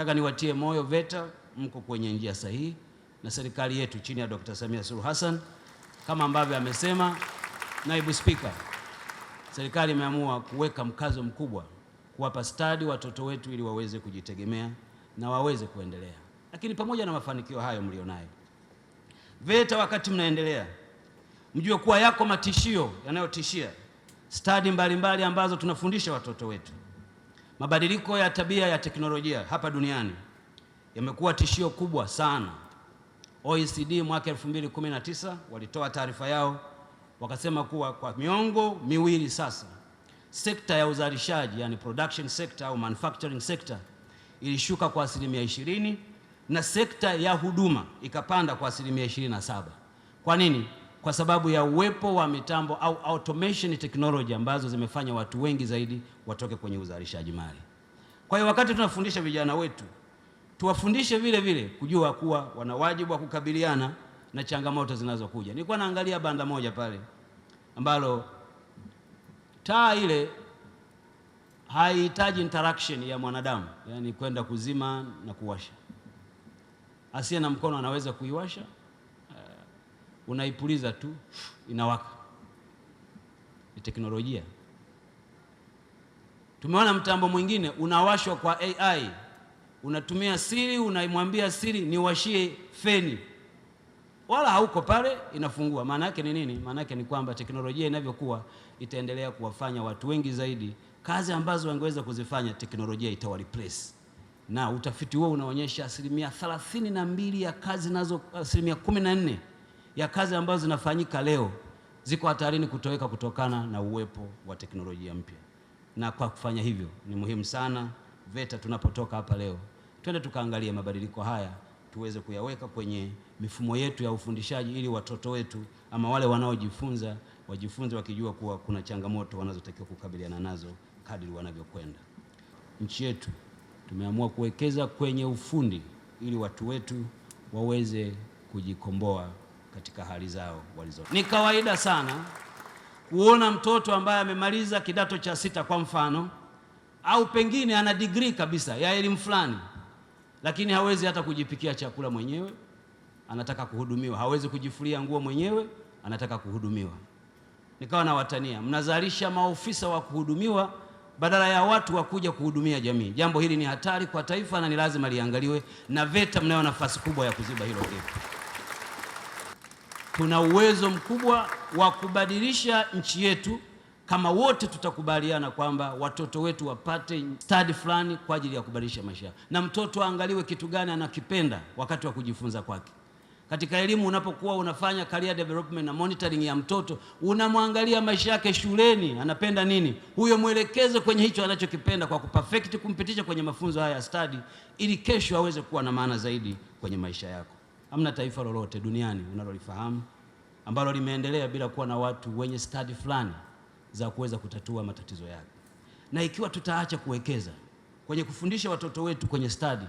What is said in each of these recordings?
Nataka niwatie moyo VETA, mko kwenye njia sahihi na serikali yetu chini ya Dr. Samia Suluhu Hassan kama ambavyo amesema naibu spika, serikali imeamua kuweka mkazo mkubwa kuwapa stadi watoto wetu ili waweze kujitegemea na waweze kuendelea. Lakini pamoja na mafanikio hayo mlionayo VETA, wakati mnaendelea, mjue kuwa yako matishio yanayotishia stadi mbalimbali ambazo tunafundisha watoto wetu Mabadiliko ya tabia ya teknolojia hapa duniani yamekuwa tishio kubwa sana. OECD mwaka 2019 walitoa taarifa yao wakasema kuwa kwa miongo miwili sasa, sekta ya uzalishaji yani production sector au manufacturing sector ilishuka kwa asilimia 20 na sekta ya huduma ikapanda kwa asilimia 27. Kwa nini? kwa sababu ya uwepo wa mitambo au automation technology ambazo zimefanya watu wengi zaidi watoke kwenye uzalishaji mali. Kwa hiyo wakati tunafundisha vijana wetu, tuwafundishe vile vile kujua kuwa wana wajibu wa kukabiliana na changamoto zinazokuja. Nilikuwa naangalia banda moja pale ambalo taa ile haihitaji interaction ya mwanadamu, yani kwenda kuzima na kuwasha. Asiye na mkono anaweza kuiwasha unaipuliza tu inawaka. Ni teknolojia. Tumeona mtambo mwingine unawashwa kwa AI, unatumia siri, unaimwambia siri niwashie feni, wala hauko pale, inafungua. Maana yake ni nini? Maana yake ni kwamba teknolojia inavyokuwa itaendelea kuwafanya watu wengi zaidi kazi ambazo wangeweza kuzifanya, teknolojia itawareplace na utafiti huo unaonyesha asilimia thelathini na mbili ya kazi nazo asilimia kumi na nne ya kazi ambazo zinafanyika leo ziko hatarini kutoweka kutokana na uwepo wa teknolojia mpya. Na kwa kufanya hivyo, ni muhimu sana VETA tunapotoka hapa leo twende tukaangalie mabadiliko haya tuweze kuyaweka kwenye mifumo yetu ya ufundishaji ili watoto wetu ama wale wanaojifunza wajifunze wakijua kuwa kuna changamoto wanazotakiwa kukabiliana nazo kadri wanavyokwenda. Nchi yetu tumeamua kuwekeza kwenye ufundi ili watu wetu waweze kujikomboa katika hali zao walizo. Ni kawaida sana kuona mtoto ambaye amemaliza kidato cha sita kwa mfano, au pengine ana degree kabisa ya elimu fulani, lakini hawezi hata kujipikia chakula mwenyewe, anataka kuhudumiwa. Hawezi kujifulia nguo mwenyewe, anataka kuhudumiwa. Nikawa na watania, mnazalisha maofisa wa kuhudumiwa badala ya watu wa kuja kuhudumia jamii. Jambo hili ni hatari kwa taifa na ni lazima liangaliwe, na VETA mnayo nafasi kubwa ya kuziba hilo kitu tuna uwezo mkubwa wa kubadilisha nchi yetu kama wote tutakubaliana kwamba watoto wetu wapate stadi fulani kwa ajili ya kubadilisha maisha yao, na mtoto aangaliwe kitu gani anakipenda wakati wa kujifunza kwake. Katika elimu, unapokuwa unafanya career development na monitoring ya mtoto, unamwangalia maisha yake shuleni, anapenda nini, huyo mwelekeze kwenye hicho anachokipenda kwa kuperfect, kumpitisha kwenye mafunzo haya ya stadi, ili kesho aweze kuwa na maana zaidi kwenye maisha yako. Hamna taifa lolote duniani unalolifahamu ambalo limeendelea bila kuwa na watu wenye stadi fulani za kuweza kutatua matatizo yake. Na ikiwa tutaacha kuwekeza kwenye kufundisha watoto wetu kwenye stadi,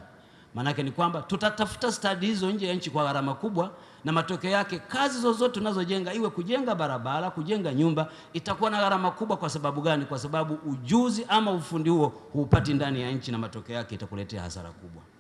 maanake ni kwamba tutatafuta stadi hizo nje ya nchi kwa gharama kubwa, na matokeo yake kazi zozote tunazojenga, iwe kujenga barabara, kujenga nyumba, itakuwa na gharama kubwa. Kwa sababu gani? Kwa sababu ujuzi ama ufundi huo huupati ndani ya nchi, na matokeo yake itakuletea hasara kubwa.